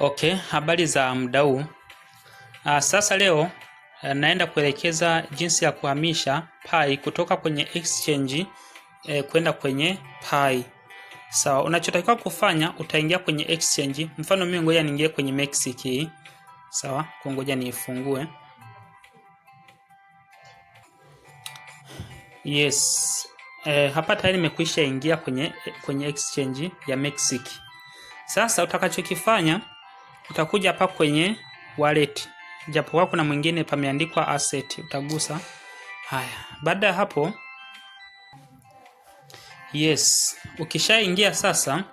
Okay, habari za mdau. Uh, ah, Sasa leo uh, naenda kuelekeza jinsi ya kuhamisha pai kutoka kwenye exchange eh, kwenda kwenye pai. Sawa, so, unachotakiwa kufanya utaingia kwenye exchange. Mfano mimi ngoja niingie kwenye Mexic Sawa, so, ngoja niifungue. Yes. Eh, hapa tayari nimekwisha ingia kwenye kwenye exchange ya Mexic. Sasa utakachokifanya Utakuja hapa kwenye wallet, japokuwa kuna mwingine pameandikwa asset, utagusa haya. Baada ya hapo, yes, ukishaingia sasa,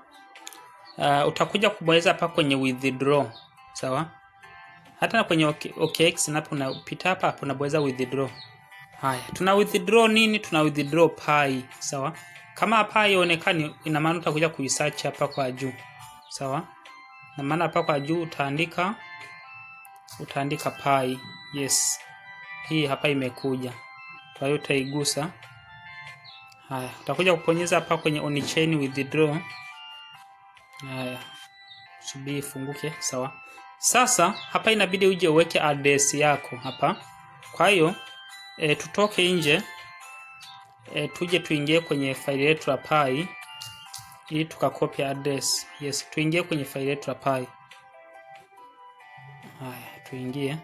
uh, utakuja kubonyeza hapa kwenye withdraw, sawa. Hata na kwenye OKX napo unapita hapa, hapo unabonyeza withdraw. Haya, tuna withdraw nini? Tuna withdraw pai, sawa. Kama hapa haionekani, ina maana utakuja kuisearch hapa kwa juu, sawa na maana kwa juu utaandika utaandika pai. Yes, hii hapa imekuja, kwa hiyo utaigusa. Haya, utakuja kuponyeza hapa kwenye on chain withdraw. Haya, subiri ifunguke. Sawa, sasa hapa inabidi uje uweke address yako hapa. Kwa hiyo e, tutoke nje e, tuje tuingie kwenye faili yetu ya pai ili tukakopi address. Yes, tuingie kwenye faili yetu ya pai. Haya, tuingie.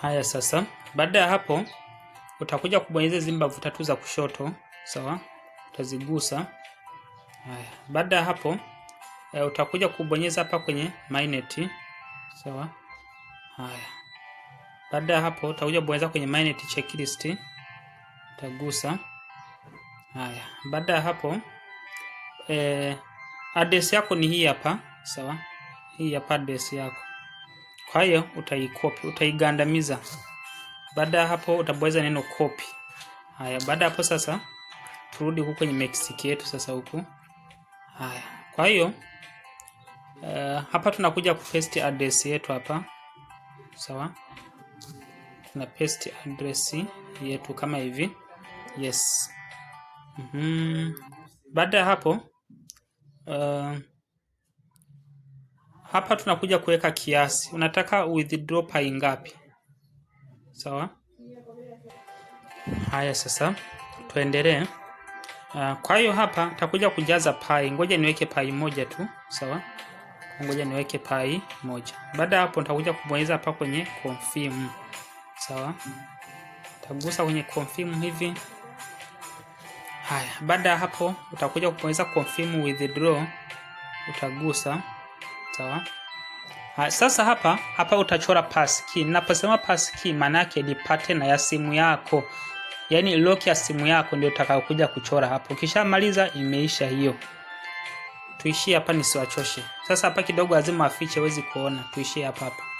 Haya, sasa baada ya hapo utakuja kubonyeza hizi mbavu tatu za kushoto, sawa? Utazigusa. Haya, baada ya hapo e, utakuja kubonyeza hapa kwenye mainnet, sawa? Haya, baada ya hapo utakuja kubonyeza kwenye mainnet checklist, utagusa Haya, baada ya hapo eh, address yako ni hii hapa, sawa? Hii hapa address yako. Kwa hiyo utaikopi, utaigandamiza. Baada ya hapo utabweza neno copy. Haya, baada hapo sasa turudi huko kwenye mexiki yetu sasa huku. Haya, kwa hiyo eh, hapa tunakuja kupaste address yetu hapa, sawa? Tuna paste address yetu kama hivi. Yes mm -hmm. Baada ya hapo uh, hapa tunakuja kuweka kiasi. Unataka withdraw pai ngapi? Sawa. Haya, sasa tuendelee. Uh, kwa hiyo hapa takuja kujaza pai. Ngoja niweke pai moja tu, sawa. Ngoja niweke pai moja. Baada hapo nitakuja kubonyeza hapa kwenye confirm, sawa. Tagusa kwenye confirm hivi Haya, baada ya hapo utakuja kuweza confirm withdraw, utagusa sawa. Ha, sasa hapa hapa utachora passkey. Ninaposema passkey maana yake ni pattern ya simu yako, yaani lock ya simu yako ndio utakayokuja kuchora hapo. Ukishamaliza imeisha hiyo. Tuishie hapa nisiwachoshe. Sasa hapa kidogo lazima afiche, wezi kuona. Tuishie hapa hapa.